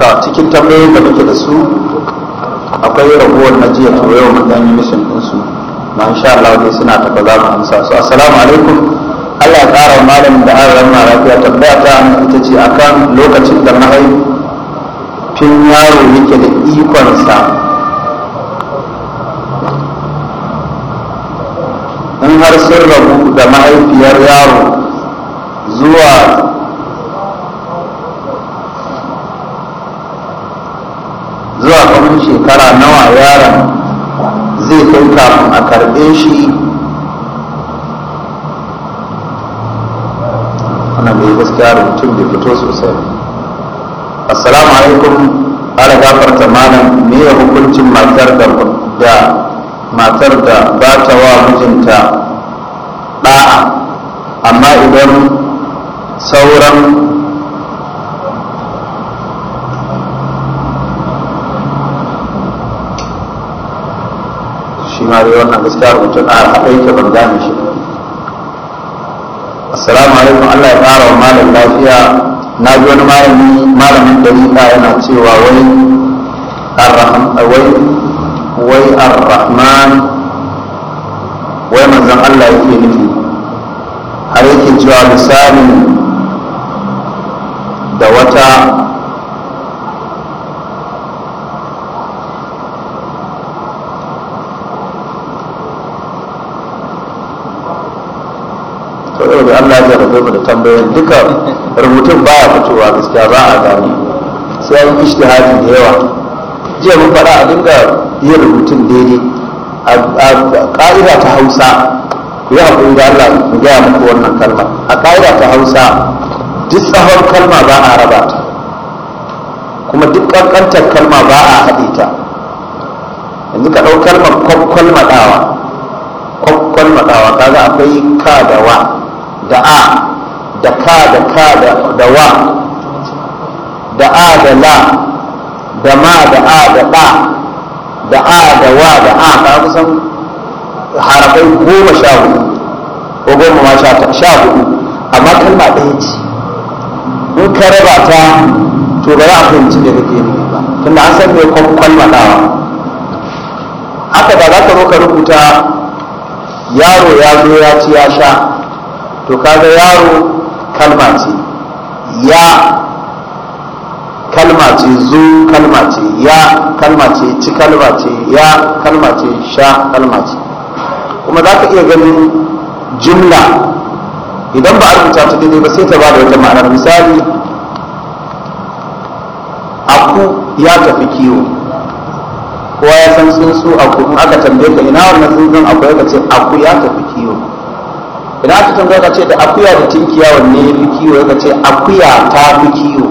a cikin tambayoyin da muke da su akwai raguwar na jiya to yau mun yi mission din su ma insha Allah dai suna ta za mu amsa su assalamu alaikum Allah ya kara malamin da har ran lafiya tabbata ta ita ce akan lokacin da mahaifin yaro yake da ikon sa in har sun rabu da mahaifiyar yaro shekara nawa yaran zai kai kafin a karɓe shi ana bai gaskiya da mutum bai fito sosai assalamu alaikum ala gafarta malam me ya hukuncin matar da matar da ba ta wa mijinta ɗa'a amma idan sauran da wannan gaskiya rubutun a haɗa yake ban gane shi assalamu alaikum allah ya fara wa malam lafiya na ji wani malami malamin ɗariƙa yana cewa wai wai wai arrahman wai manzon allah yake nufi har yake cewa misalin da wata saboda Allah ya rabe mu da tambayoyin duka rubutun a fitowa gaskiya ba a gani sai an ishtihadi da yawa jiya mun faɗa a dinga yin rubutun daidai a ka'ida ta Hausa ku yi haƙuri da Allah mu gaya muku wannan kalma a ka'ida ta Hausa duk tsawon kalma ba a raba ta kuma duk ƙanƙantar kalma ba a haɗe ta yanzu ka ɗau kalmar kwakwalmaɗawa kwakwalmaɗawa kaga akwai ka da wa da a da ka da ka da wa da a da la da ma da a da ɗa da a da wa da a ka kusan harafai goma sha hudu ko goma ma sha hudu amma kalma ɗaya ce in ka raba ta to ba za a fahimci da kake ne ba tunda an san mai nawa? haka ba za ka zo ka rubuta yaro ya zo ya ci ya sha to kaga yaro kalma ce ya kalma ce zu kalma ce ya kalma ce ci kalma ce ya kalma ce sha kalma ce kuma za ka iya ganin jumla idan ba a rubuta ta daidai ba sai ta ba da wata ma'anar misali aku ya tafi kiwo kowa ya san tsuntsu aku in aka tambaye ka ina wannan tsuntsun aku ya ce aku ya tafi kiwo idan aka tambaya ka ce da akuya da tinkiya wanne ya fi kiwo ka ce akuya ta fi kiwo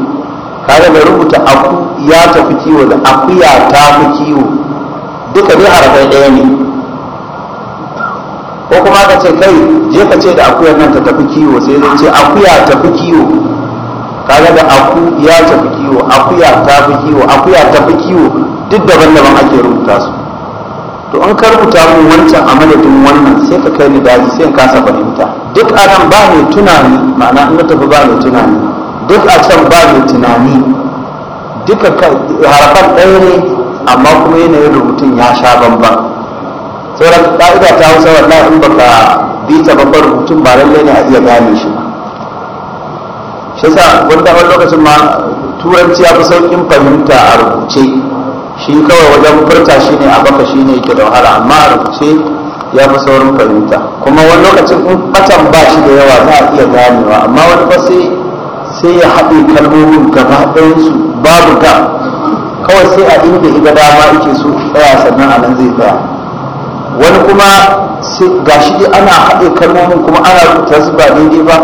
kaga da rubuta aku ya ta fi kiwo da akuya ta fi kiwo duka a harafai ɗaya ne ko kuma ka ce kai je ka ce da akuyar nan ta tafi kiwo sai zai ce akuya ta fi kiwo ga da aku ya tafi kiwo akuya ta fi kiwo akuya ta fi kiwo duk daban-daban ake rubuta su to an ka rubuta mun wancan a wannan sai ka kai ni daji sai ka kasa fahimta duk a nan ba mai tunani ma'ana in tafi ba mai tunani duk a can ba mai tunani duka harafan ɗaya ne amma kuma yanayin rubutun ya sha bamban sauran ƙa'ida ta hausa wallahi in baka bi ta babban rubutun ba lalle ne a iya gane shi ba shi yasa wani lokacin ma turanci ya fi sauƙin fahimta a rubuce shi kawai wajen furta shi ne a baka shi ne yake da wahala amma a rubuce ya fi saurin fahimta kuma wani lokacin in batan ba shi da yawa za a iya ganewa amma wani ba sai ya haɗe kalmomin gaba ɗayansu babu da kawai sai a inda iga dama yake so tsaya sannan a nan zai tsaya wani kuma ga shi ana haɗe kalmomin kuma ana rubuta su ba daidai ba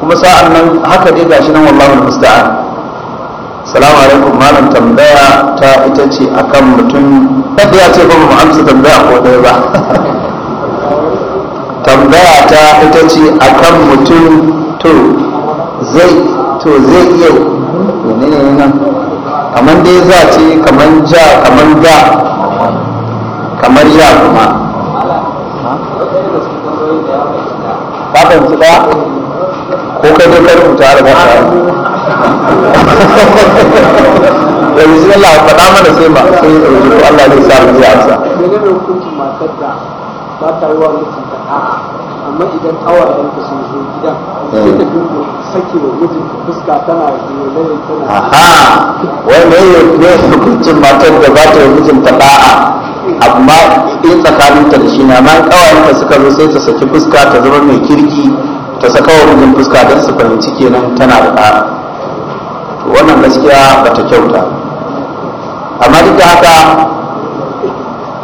kuma sa'an nan haka dai gashi nan wallahu musta'an salamu alaikum malam tambaya ta ita ce akan mutum wadda ya ce ba mu amsa tambaya ko ɗaya ba tambaya ta ita ce akan mutum to zai to zai iya ne ne nan kamar dai za ce kamar ja kamar ga kamar ya kuma ba ka ko ka je ka rubuta da ba da bismillah faɗa mana sai ma sai ya ɗauki ko Allah zai sa mu ji amsa magana hukuncin matar da ba ta yi wa mijinta a'a amma idan awayen ta sun zo gidan sai ta dinga sake wa mijinta fuska tana yolayya tana aha wai me ne hukuncin matar da ba ta yi mijinta ɗa'a? amma in tsakaninta da shi na ma kawayenta suka zo sai ta saki fuska ta zama mai kirki ta saka wa mijin fuska don su fahimci kenan tana da ɗa'a. wannan gaskiya bata kyauta amma duk da haka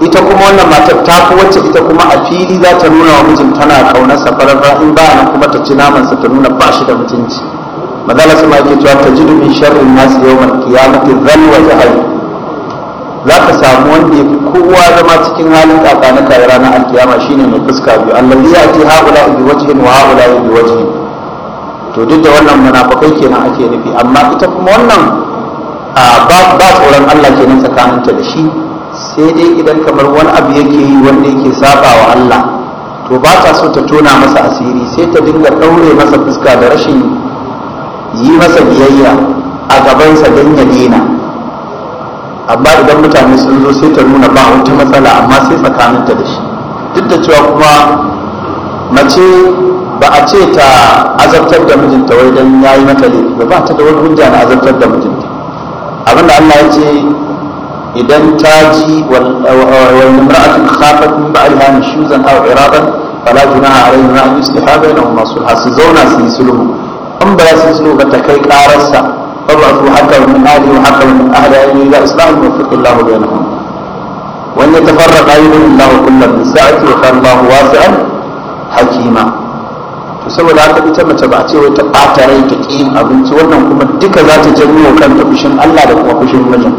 ita kuma wannan matar ta fi wacce ita kuma a fili za ta nuna wa mijin tana kauna safarar ra'in ba nan kuma ta ci namansa ta nuna ba shi da mutunci mazala su ma yake cewa ta ji dumin sharrin nasu yau mai kiyamati zan wa jahari za ka samu wanda ya kowa zama cikin halin kaka na kayi ranar alkiyama shine mai fuska biyu allah ya ce haula bi wajhin wa haula bi wajhin to duk da wannan munafakai kenan ake nufi amma ita kuma wannan ba tsoron Allah kenan tsakaninta da shi sai dai idan kamar wani abu yake yi wanda yake saba wa Allah to ba ta so ta tona masa asiri sai ta dinga ɗaure masa fuska da rashin yi masa biyayya a gabansa don ya daina amma idan mutane sun zo sai ta nuna ba wata matsala amma sai tsakaninta da shi duk da cewa kuma mace ba a ce ta azabtar da mijinta wai dan yayi mata laifi ba ta da wani hujja na azabtar da mijinta abin da Allah ya ce idan ta ji wal imra'atu khafat min ba'liha nushuzan aw iradan fala junaha alayhim an yusliha bainahum sulha su zauna su yi sulhu an ba za su yi sulhu ba ta kai qararsa ba su hakan min ahli wa hakan min ahli ayyi ila islam wa allah bainahum وأن يتفرق أيضا الله كل من سعته وكان الله wasi'an حكيما saboda haka ita mace ba a ce wata bata rai ta ƙi abinci wannan kuma duka za ta janyo kanta fushin Allah da kuma fushin mijin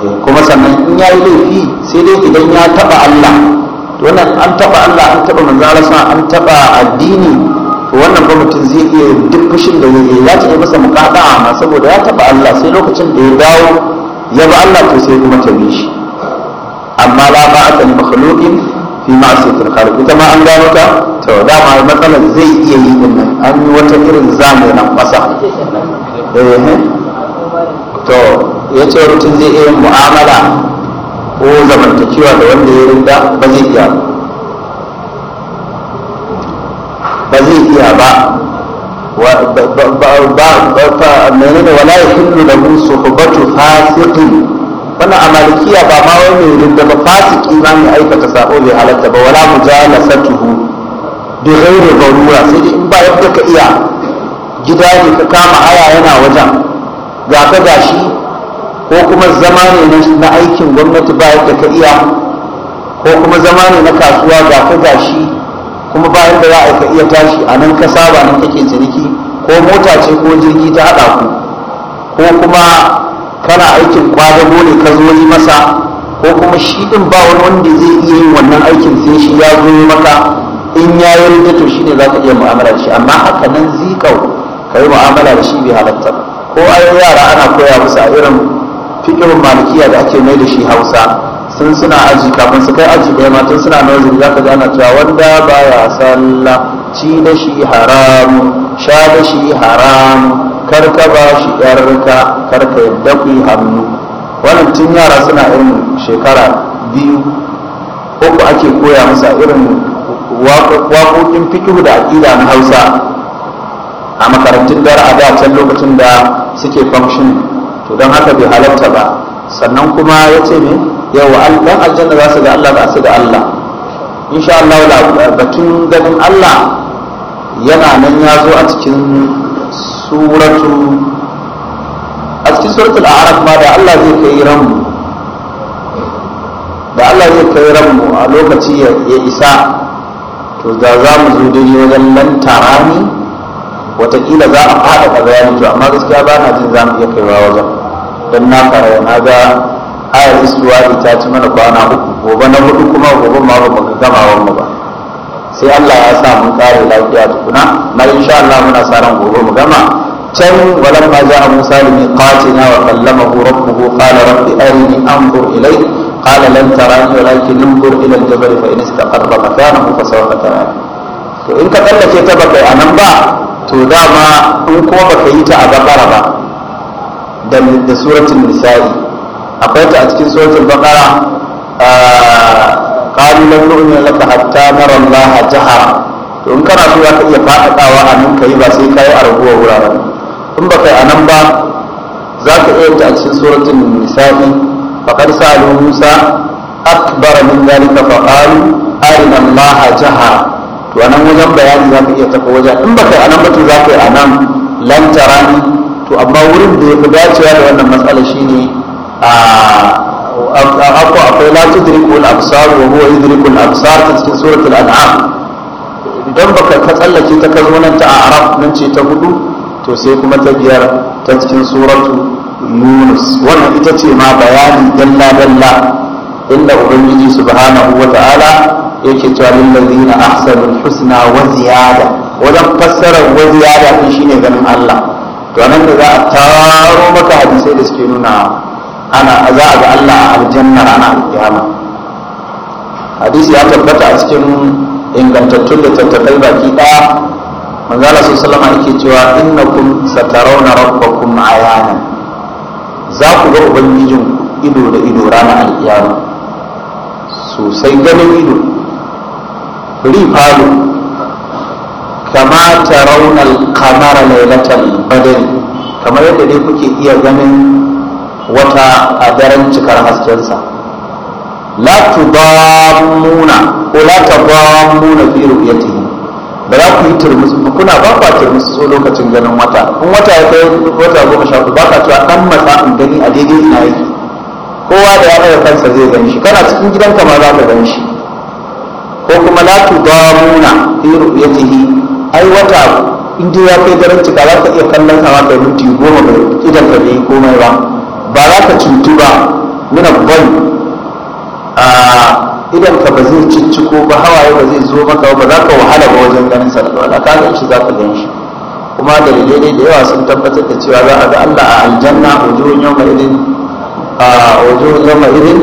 eh, kuma sannan in ya yi laifi sai dai idan ya taɓa Allah wannan an taɓa Allah an taɓa manzarasa an taɓa addini to wannan ba mutum zai iya duk fushin da zai iya ya ce masa muƙaɗa amma saboda ya taɓa Allah sai lokacin da ya dawo ya ba Allah to sai kuma ta bi shi amma la ba a kan makhluqin fi masu khaliq ita ma an gano ta to dama matsalar zai iya yi din nan an yi wata irin zamu nan masa eh to ya ce mutum zai iya mu'amala ko zamantakewa da wanda ya rinda ba zai iya ba zai iya ba ba ba ba ba ba ba ba ba ba wannan a malikiya ba ma wani mai rinda ba fasiki ba mai aikata sabo bai halatta ba wala mujalasatuhu bi ghairi darura sai dai in ba yadda ka iya gida ne ka kama haya yana wajen ga ka gashi ko kuma zama ne na aikin gwamnati ba yadda ka iya ko kuma zama ne na kasuwa ga ka gashi kuma ba yadda za a ka iya tashi a nan ka saba nan kake ciniki ko mota ce ko jirgi ta haɗa ku ko kuma kana aikin kwadago ne ka zo yi masa ko kuma shi din ba wani wanda zai iya yin wannan aikin sai shi ya zo maka in ya yi rida to shi ne za ka iya mu'amala da shi amma haka nan zikau ka yi mu'amala da shi bai halatta ko ayo yara ana koya musu a irin fikirin malikiya da ake mai da shi hausa sun suna aji kafin su kai aji bai matan suna nazari za ka gana cewa wanda baya sallah ci da shi haramu sha da shi haramu karka ba shi yarka karka ya ku hannu wannan tun yara suna irin shekara biyu uku ake koya masa irin waƙoƙin fito da aƙida na hausa a makarantun dar a da can lokacin da suke function to don haka bai halarta ba sannan kuma ya ce ne yau dan aljanna za su ga allah ba su ga allah insha allah batun ganin allah yana nan ya zo a cikin suratu a cikin suratul a'raf ma da Allah zai kai ranmu da Allah zai kai ranmu a lokaci ya isa to da za mu zo dai wajen nan tarani watakila za a fada ka bayani to amma gaskiya ba na jin za mu iya kaiwa wajen don na fara na ga ayar istuwari ta ci mana kwana uku gobe na hudu kuma gobe ma ba mu gama wannan ba sai Allah ya sa mun kare lafiya tukuna na insha Allah muna sa ran gobe mu gama can walam ma a musa li miqatina wa kallamahu rabbuhu qala rabbi arini anzur ilayk qala lan tarani walakin anzur ila al-jabal fa in istaqarra makanahu fa sawfa tara to in ka tsallake ta ba a nan ba to dama in kuma ka yi ta a bakara ba da da suratul nisa'i akwai ta a cikin suratul baqara ah, qalu lan nu'mina laka hatta nara allaha jahara to in kana so za ka iya faɗaɗawa a nan ka yi ba sai ka yi a wuraren in ba kai anan ba za ka iya ta a cikin suratul nisa'i faqad sa'alu musa akbar min zalika fa qalu arina allaha jaha to anan wajen bayani za ka iya tafi wajen in ba kai anan ba to za ka yi anan lan tarani to amma wurin da ya fi dacewa da wannan matsala shine a ako akwai la tudriku al-absar wa huwa yudriku al-absar ta cikin suratul an'am idan baka ka tsallake ta nan ta nan ce ta hudu to sai kuma ta biyar ta cikin suratu yunus wannan ita ce ma bayani dalla dalla inda ubangiji subhanahu wa ta'ala yake cewa lillazina ahsanu husna wa ziyada wajen fassara wa ziyada din shine ganin Allah to nan da za a taro maka hadisai da suke nuna ana za a ga Allah a aljanna ana alƙiyama hadisi ya tabbata a cikin ingantattun da tattalin baki ɗaya manzala su salama yake cewa innakum satarawna rabbakum ayana za ku ga ubangijin ido da ido ranar alkiyama sosai ganin ido rifalo kama tarawna alqamara laylatan Badal, kamar yadda dai kuke iya ganin wata a daren cikar haskensa la tudammuna ko la tadammuna fi ru'yatihi ba za ku yi turmus kuna ba kwa ta so lokacin ganin wata in wata ya kai wata goma sha ba cewa dan matsa in gani a daidai ina yake kowa da ya ɗaga kansa zai gani shi kana cikin gidanka ma za ka gani shi ko kuma la tu damuna fi ru'yatihi ai wata in dai ya kai daren cika za ka iya kallon sa ma kai minti goma ba idan ka bai komai ba ba za ka cutu ba muna bari idan ka ba zai cicciko ba hawaye ba zai zo maka ba za ka wahala ba wajen ganin sa da ka shi za ka gan kuma da dalilai da yawa sun tabbatar da cewa za a ga Allah a aljanna yau yawma idin a wujuhun yawma idin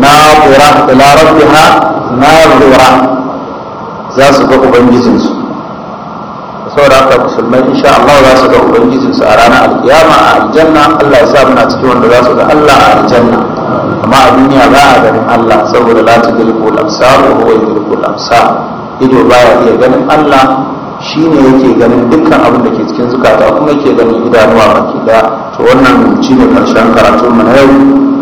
nadira ila rabbiha nadira za su ga ubangijin su saboda haka musulmai insha Allah za su ga ubangijin su a ranar alkiyama a aljanna Allah ya sa muna cikin wanda za su ga Allah a aljanna amma a duniya ba a ganin Allah saboda la tudrikul lamsa ko huwa yudrikul lamsa ido ba ya iya ganin Allah shine yake ganin dukkan abin da ke cikin zukata kuma yake ganin idanuwa baki da to wannan shine karshen karatu mu na yau